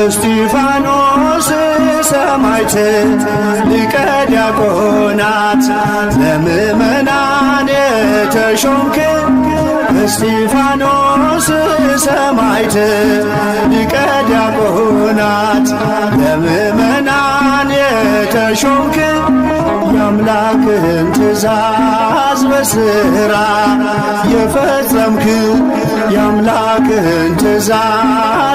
እስጢፋኖስ ሰማዕት ሊቀ ዲያቆናት ለምእመናን የተሾምክ እስጢፋኖስ ሰማዕት ሊቀ ዲያቆናት ለምእመናን የተሾምክ የአምላክን ትእዛዝ በስራ የፈጸምክ የአምላክን ትእዛዝ